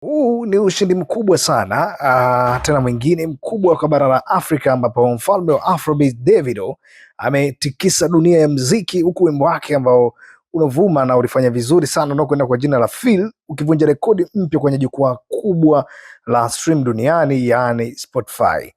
Huu ni ushindi mkubwa sana uh, tena mwingine mkubwa kwa bara la Afrika ambapo mfalme wa Afrobeat Davido ametikisa dunia ya mziki huku wimbo wake ambao unavuma na ulifanya vizuri sana unaokwenda kwa jina la Feel ukivunja rekodi mpya kwenye jukwaa kubwa la stream duniani yaani Spotify.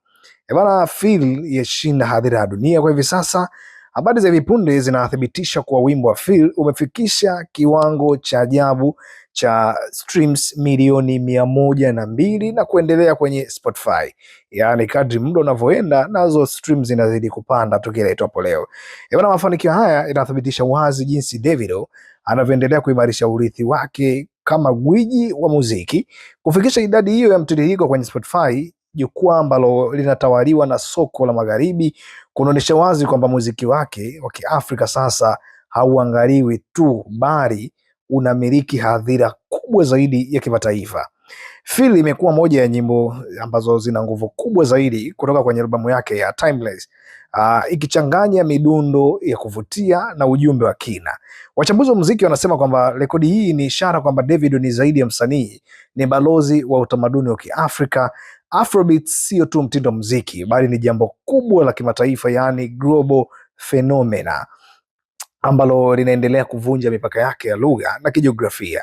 Ebana, Feel yashinda hadhira ya dunia kwa hivi sasa Habari za hivi punde zinathibitisha kuwa wimbo wa Phil umefikisha kiwango cha ajabu cha streams milioni mia moja na mbili na kuendelea kwenye Spotify. Yaani kadri muda unavyoenda nazo streams zinazidi kupanda tu itopo leo. Eh, bwana, mafanikio haya inathibitisha wazi jinsi Davido anavyoendelea kuimarisha urithi wake kama gwiji wa muziki. Kufikisha idadi hiyo ya mtiririko kwenye Spotify jukwaa ambalo linatawaliwa na soko la magharibi, kunaonyesha wazi kwamba muziki wake wa Kiafrika sasa hauangaliwi tu, bali unamiliki hadhira kubwa zaidi ya kimataifa. Feel imekuwa moja ya nyimbo ambazo zina nguvu kubwa zaidi kutoka kwenye albamu yake ya Timeless uh, ikichanganya midundo ya kuvutia na ujumbe wa kina. Wachambuzi wa muziki wanasema kwamba rekodi hii ni ishara kwamba Davido ni zaidi ya msanii, ni balozi wa utamaduni wa Kiafrika. Afrobeat sio tu mtindo muziki, bali ni jambo kubwa la kimataifa, yaani global phenomena ambalo linaendelea kuvunja mipaka yake ya lugha na kijiografia.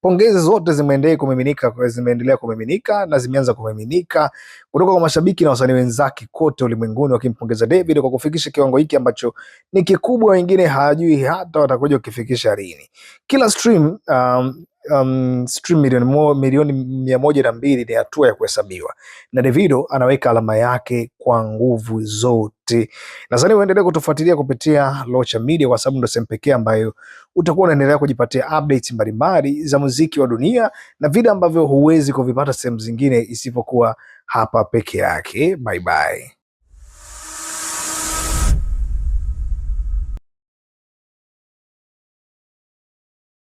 Pongezi zote zimeendelea kumiminika, zimeendelea kumiminika na zimeanza kumiminika kutoka kwa mashabiki na wasanii wenzake kote ulimwenguni wakimpongeza David kwa kufikisha kiwango hiki ambacho ni kikubwa, wengine hawajui hata watakuja kukifikisha lini. Kila stream um, um, stream milioni, milioni mia moja na mbili ni hatua ya kuhesabiwa, na Davido anaweka alama yake kwa nguvu zote. Nadhani uendelee kutufuatilia kupitia Locha Media kwa sababu ndo sehemu pekee ambayo utakuwa unaendelea kujipatia updates mbalimbali za muziki wa dunia na vile ambavyo huwezi kuvipata sehemu zingine isipokuwa hapa peke yake. Bye bye.